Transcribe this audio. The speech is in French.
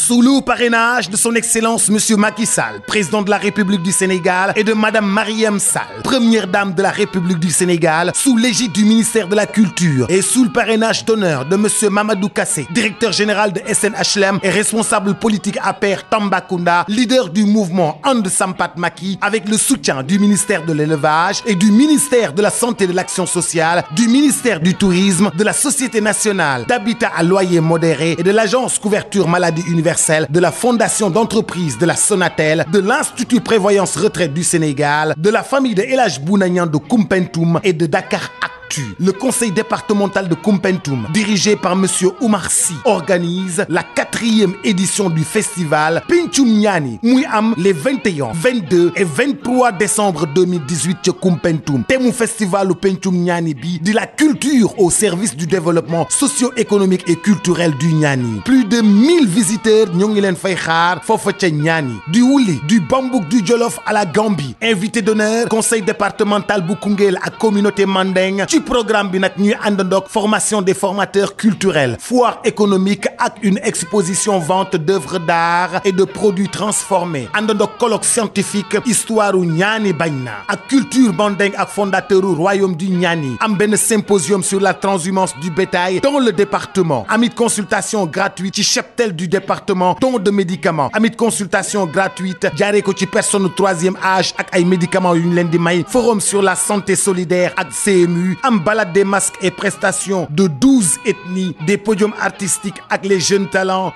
sous le parrainage de son excellence monsieur Macky Sall, président de la République du Sénégal et de madame Mariam Sall, première dame de la République du Sénégal, sous l'égide du ministère de la Culture et sous le parrainage d'honneur de monsieur Mamadou Kassé, directeur général de SNHLM et responsable politique à pair Tambacounda, leader du mouvement And Sampat avec le soutien du ministère de l'élevage et du ministère de la santé et de l'action sociale, du ministère du tourisme, de la Société nationale d'habitat à loyer modéré et de l'agence couverture maladie universelle de la fondation d'entreprise de la Sonatel, de l'Institut Prévoyance Retraite du Sénégal, de la famille de Elage Bounagnan de Kumpentoum et de Dakar Actu. Le conseil départemental de Kumpentoum, dirigé par M. Oumar Sy, organise la 4 édition du festival Pinchum Nyani les 21 22 et 23 décembre 2018 ca Koumpentoum Festival festivalu de bi de la culture au service du développement socio-économique et culturel du Nyani. plus de 1000 visiteurs n'yongilen ngi fay du Wuli du Bambouk du Jolof à la Gambie invité d'honneur conseil départemental Bukungel à communauté Mandeng Du programme Binak Nui ñuy formation des formateurs culturels foire économique avec une exposition vente d'œuvres d'art et de produits transformés Un colloque scientifique histoire ou niani baina. A culture banding à fondateur du royaume du nyani am symposium sur la transhumance du bétail dans le département de consultation gratuite chez cheptel du département don de médicaments de consultation gratuite jaaree ko personnes au troisième âge ak ay médicaments une ñu forum sur la santé solidaire ak CMU am balade des masques et prestations de 12 ethnies des podiums artistiques avec les jeunes talents